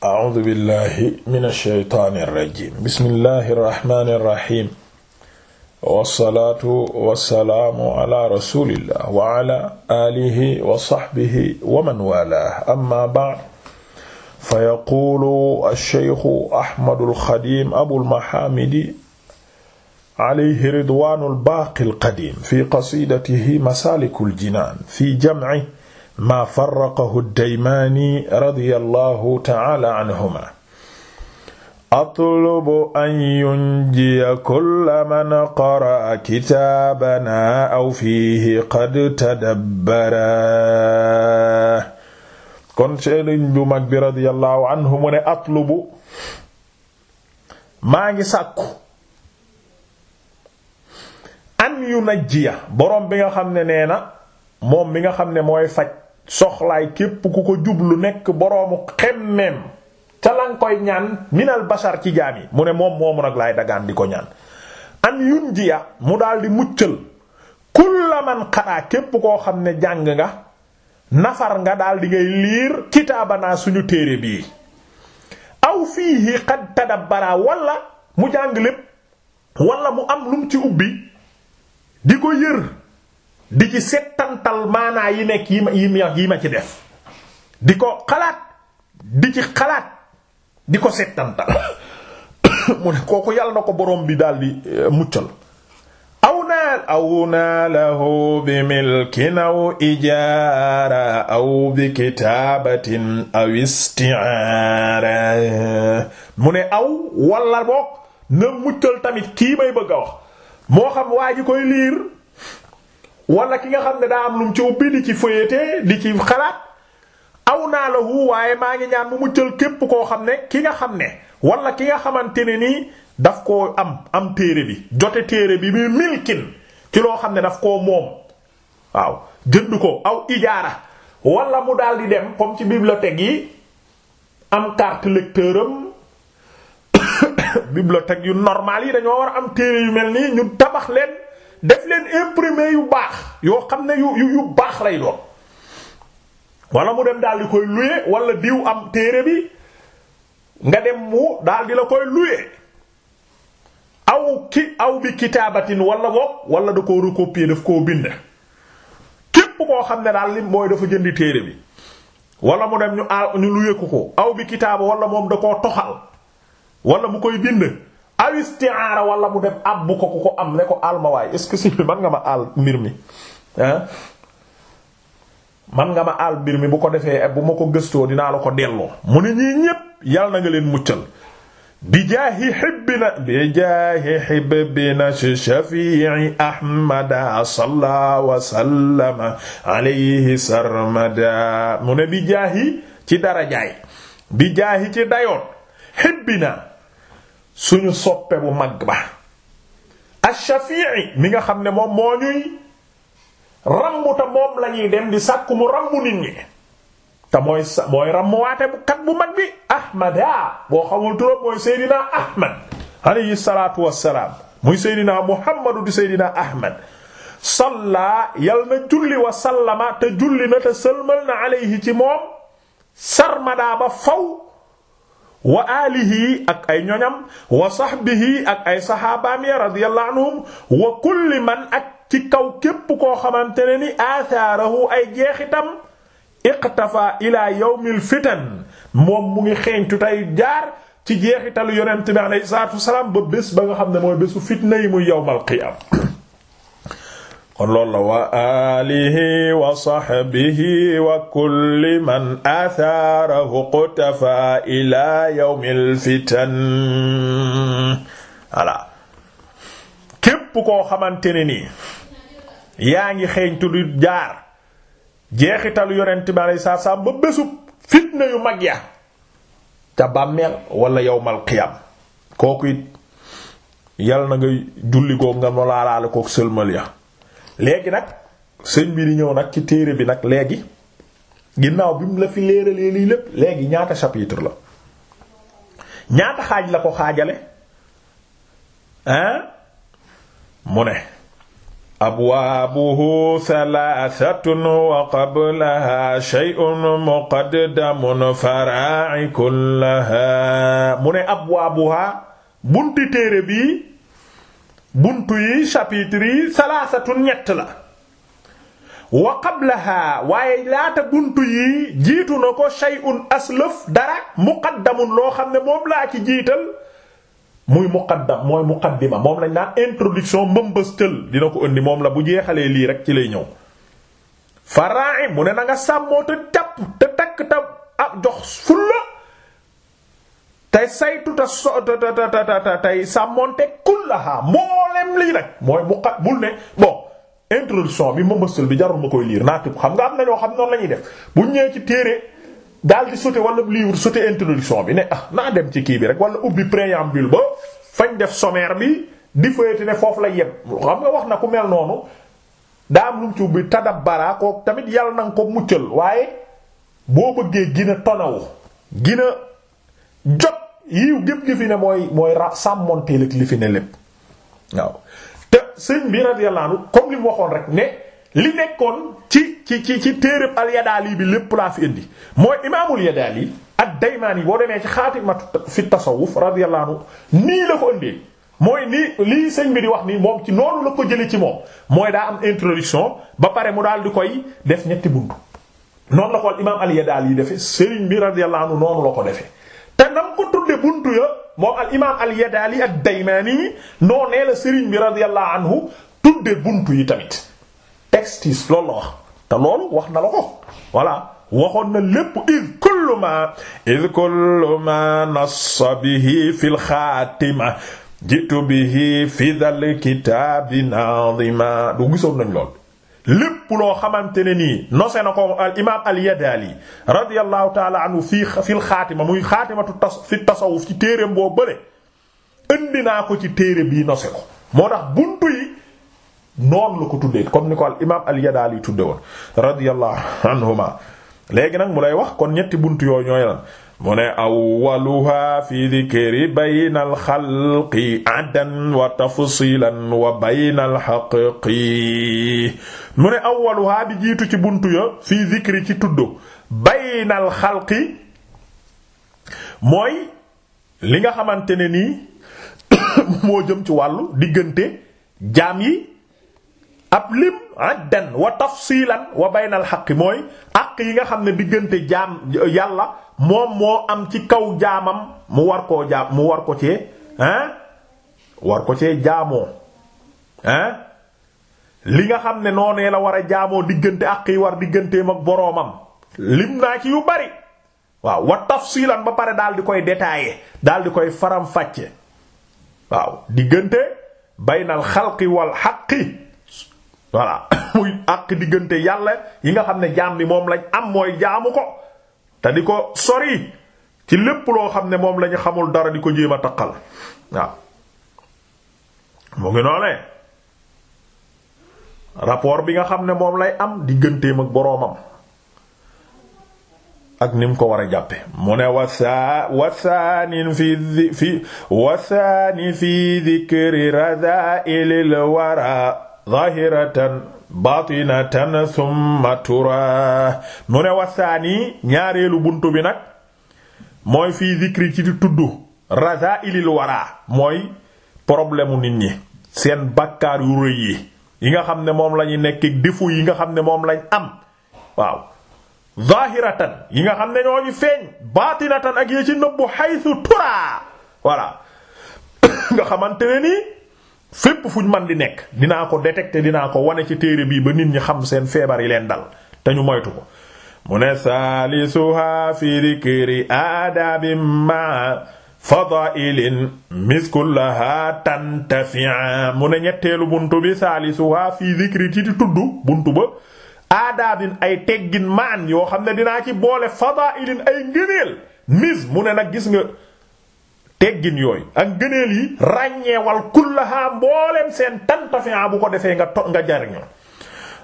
a'uudu billahi mina shaytaani rajiim bismillahi rahmaani rahiim wasalaatu wasalaamu ala rasulillah wa ala aalihi wa sahbihi wa man waalaahu amma ba'd fa yaquulu ash-shaykhu Ahmadul Xadiim Abul Mahaamidi alayhi ridwaanul baaqil qadiim fi qasiidatihi masaalikul jinaan fi jamcihi maa farraqahu daymaani radiyallahu ta'ala anhuma atlubu an yunjiya kulla man qara'a kitaabanaa aw fiihi qad tadabbara kon sëriñ bu mag bi radiyallahu anhu mu ne atlubu maa ngi sàkku an yunajjiya boroom bi nga xam ne nee na moom mi nga xam ne mooy faj soxlaay képp ku ko jublu nekk boroomu xemmeem ca lan koy ñaan minal basar ci jaam yi mu ne moom moomu nag laay dagaan di ko ñaan an yun jiya mu daldi di muccal kulla man xadaa képp koo xam ne jàng nga nafar nga daal di ngay liir kitaabanaa suñu téere bii aw fiihi xad tadabbara wala mu jàng lépp wala mu am lum ci ubbi di ko yër di ci settantal maanaa yi nekk yi ma yi ma ci def di ko xalaat di ci xalaat di ko settantal mu ne kooku yàlla na ko borom bi daal di eh, muccal aw naa aw naa bi milkin aw ijaara aw bi kitaabatin aw isti'aara mu ne aw walla boog na muccal tamit kii may bëgg a wax moo xam waa ji koy liir wala ki nga xam ne daa am lu mu ci ubbi di ci fëyete di ci xalaat aw naa la hu waaye maa ngi ñaan mu muccal képp koo xam ne ki nga xam ne wala ki nga xamante ne nii daf koo am am téere bi jote téere bi muy milkin ci loo xam ne daf koo moom waaw jënd ko aw ijaara wala mu daal di dem comme ci bibliothèque yi am carte lecteur am bibliothèque yu normal yi dañoo war a am téere yu mel nii ñu tabax leen. def leen imprimer yu baax yoo xam ne yu yu baax lay doon wala mu dem daal di koy luye wala diw am téere bi nga dem mu daal di la koy luye aw ki aw bi kitaabatin wala boog wala da koo recopier daf koo bind képp koo xam ne daal li mooy dafa jënd téere bi wala mu dem ñu a ñu luye ko ko aw bi kitaaba wala moom da koo toxal wala mu koy bind aw isti'aara wala mu dem abbu ko ku ko am ne ko waaye est man nga ma àll mbir mi ah man nga ma àll mbir mi bu ko defee bu ma ko gëstoo dinaa la ko delloo mu ne ñii ñépp yàlla na nga leen muccal bi jaahi hibbina bi jaahi hibbina shafi'i ahmada salla wa alayhi sarmada mu ne bi ci darajaay bi ci dayoon hibbina suñu soppe bu mag ba ash-Shafi'i mi nga xam ne moom moo ñuy rambu moom lañuy dem di sàkku mu rambu nit ñi te mooy sa mooy rambuwaate bu kat bu mag bi ahmada boo xamul turam mooy seydinaa ahmad alayhi salaatu wassalaam muy seydinaa muhammadu di seydinaa ahmad salla yal na julli wa te julli na te sëlmal na alayhi ci moom sarmadaa ba faw wa alihi ak ay ñoñam wa sahbihi ak ay sahabaam ya radiyallahu wa kulli man ak ci kaw képp koo xamante ne ni athaarahu ay jeexitam iqtafa ila yawmil fitan moom mu ngi xeeñtu tey jaar ci jeexitalu yonent bi alayhi salaatu wasalaam ba bés ba nga xam ne mooy bésu fitna yi muy yawmal qiyaama kon loolu la wa alihi wa sahbihi wa man athaarahu qutafa ila yawmil fitan képp koo xamante ne nii yaa ngi xeeñtu du jaar jeexitalu yonent bi alei sat selaam ba bésub fitna yu mag ya ca bàmmeel wala yawmal qiyam kooku it yàlla na nga julli koo nga nolaalaale kook sëlmal ya léegi nag sëñ bi di nag ci téere bi nag léegi ginnaaw bi mu la fi léeralee lii lépp léegi ñaata chapitre la ñaata xaaj la ko xaajale hein mu ne abwaabuhu thalathatun wa qablaha shay'un muqaddamun fara'i kullaha mu ne abwaabuha bunti téere bi buntu yi chapitre salaasatu salaasatun ñett la wa qablaha waaye laata buntu yi jiitu na ko shay'un aslaf dara muqaddamun loo xam ne moom laa ci jiital muy muqaddam mooy muqaddima moom lañ naan introduction mbëmbëstël dina ko indi moom la bu jeexalee lii rek ci lay ñëw fara'i mu ne na nga sàmmoo te jàpp te takk te ak ah, jox fulla tey saytu te so te te te tey sàmmonte kullaha mboolem lii nag mooy bu xa bul ne bo introduction bi ma mësal bi jarul ma koy liir naa tëb xam nga am na ñoo xam noonu la ñuy def bu ñëwee ci téere daal di sauter wala livre sauter introduction bi ne ah naa dem ci kii bi rek wala ubbi préambule ba fañ def sommaire bi di fayati ne foofu la yem xam nga wax na ku mel noonu daa am lu mu ci ubbi tadabbara ko tamit yàlla na nga ko muccal waaye boo bëggee gina tonawu gina jot. yiw gépp li fi ne mooy mooy ra sàmmoon ak li fi ne lépp waaw te sëñ bi radiyallahu comme li mu waxoon rek ne li nekkoon ci ci ci ci téereb al-Yadaali bi lépp laa fi indi mooy imaamul Yadaali ad yi boo demee ci xaatimatu fi tasawuf radiyallahu anhu nii la ko indee mooy nii lii sëñ bi di wax nii moom ci noonu la ko jëlee ci moom mooy daa am introduction ba pare mu daal di koy def ñetti buntu la ko imaam al yi defee sëriñ bi radiyallahu anhu noonu la ko defee. te nam ko tudde buntu ya moom al imaam al yadaali ak daymaani noo nee la sëriñ anhu tudde buntu tamit textis loolu la wax te loolu wax na waxoon na lépp id kullu ma id nassa bihi fil xaatima jitu bihi fi dal kitaabi naadima du gisoon nañ lool lépp loo xamante ne nii nose na ko al imaam al yadaali radiyallahu taala anhu fii fil xaatima muy xaatimatu fi tasawuf ci téereem boo bële indi naa ko ci téere bii nose ko moo tax buntu yi noonu la ko tuddee comme ni ko al imaam tudde woon radiyallahu anhuma léegi nag mu lay wax kon ñetti bunt yooyu ñooy la mu ne awwaluha fi dhikri bayna alxalqi adan wa tafsilan wa bayna alxaqiqi mu ne awwaluha bi jiitu ci bunt ya fi dhikri ci tudd bayna alxalqi mooy li nga xamante ne nii moo jëm ci wàllu diggante jaam yi ab lim addan wa tafsilan wa baynal xaqi mooy àq yi nga xam ne diggante jaam yàlla moom moo am ci kaw jaamam mu war koo jaam mu war ko cee ah war ko cee jaamoo ah li nga xam ne noonee la war a jaamoo diggante àq yi war digganteem ak boroomam lim naa ci yu bari waaw wa tafsilan ba pare daal di koy détailler daal di koy faram-fàcce waaw diggante baynal xalqi wal xaqi voilà muy àq diggante yàlla yi nga xam ne jaam bi moom lañ am mooy jaamu ko te di ko sori ci lépp loo xam ne moom lañu xamul dara di ko jéem a taqal waaw mu ngi noonee rapport bi nga xam ne moom lay am digganteem ak boroomam ak ni mu ko war a jàppe mu ne wasa wasaani fi fi wasaani fi dhikri radha'il wara zahiratan batinatan thumma tura mu ne wasaani ñaareelu buntu bi nag mooy fii zikri ci di tudd rasailil wara mooy problème nit ñi seen bakkaar yu rëy yi yi nga xam ne moom lañuy ñu nekk defu yi nga xam ne moom lañ am waaw zahiratan yi nga xam ne ñoo ñu feeñ batinatan ak yi ci nëbbu haythu tura voilà nga xamante ne nii fépp fu ñu man di nekk dinaa ko détecter dinaa ko wane ci téere bii ba nit ñi xam seen feebar yi leen dal te ñu moytu ko mu ne saalisuha fi dikri aadabi ma fadailin miskulaha tantafia mu ne ñetteelu buntu bi saalisuha fi dikri ci di tudd buntu ba aadaabin ay teggin maan yoo xam ne dinaa ci boole fadailin ay ngëneel mis mu ne nag gis nga teggin yooyu ak gëneel yi ràññeewal kullaha mbooleem seen tantafi'a bu ko defee nga to nga jariñoo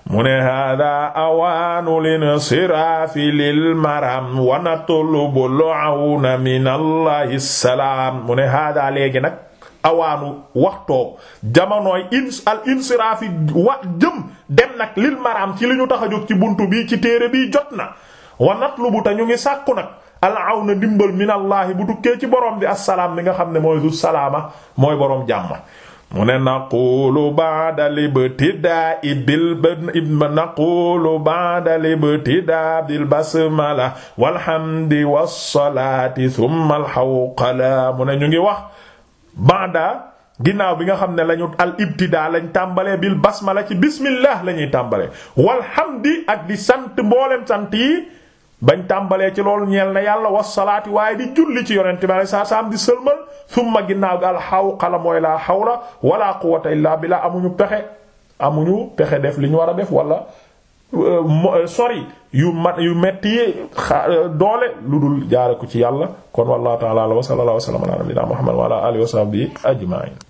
mu ne hada awaanu linsiraafi lil maram wa natlubu al-awna min allahi salaam mu ne hada léegi nag awaanu waxtoo jamonooy ins al insiraafi wa jëm dem nag lil maram ci li ñu tax a jóg ci bunt bi ci téere bii jot na wa natlubu te ñu ngi sàkku nag al na ndimbal minallaahi bu tukkee ci boroom bi salaam bi nga xam ne mooy du salaama mooy borom jàmm mu ne naqulu ba'da libtidaa bil naqulu ba'da libtidaa bil basmala walhamdi wassalaati thumma alhawqala mu ne ñu ngi wax ba'da ginnaaw bi nga xam ne lañu al ibtidaa lañ tàmbalee bil basmala ci bismillah lañuy tàmbalee walhamdi ak di sant mboolem sant yi bañ tàmbalee ci loolu ñeel na yàlla wasalaati waaye di julli ci yonente bi alei saa salaam di sëlmal summa ginnaaw gi alxawqala mooy laa xaw la wala quwata illaa billah amuñu pexe amuñu pexe def li ñu war a def wala euh, euh, sori yu mat yu metti euh, doole lu dul jaaree ko ci yàlla kon wallahu ta'ala wa sallallahu wa sallam muhammad wa ala wa sahbihi ajma'in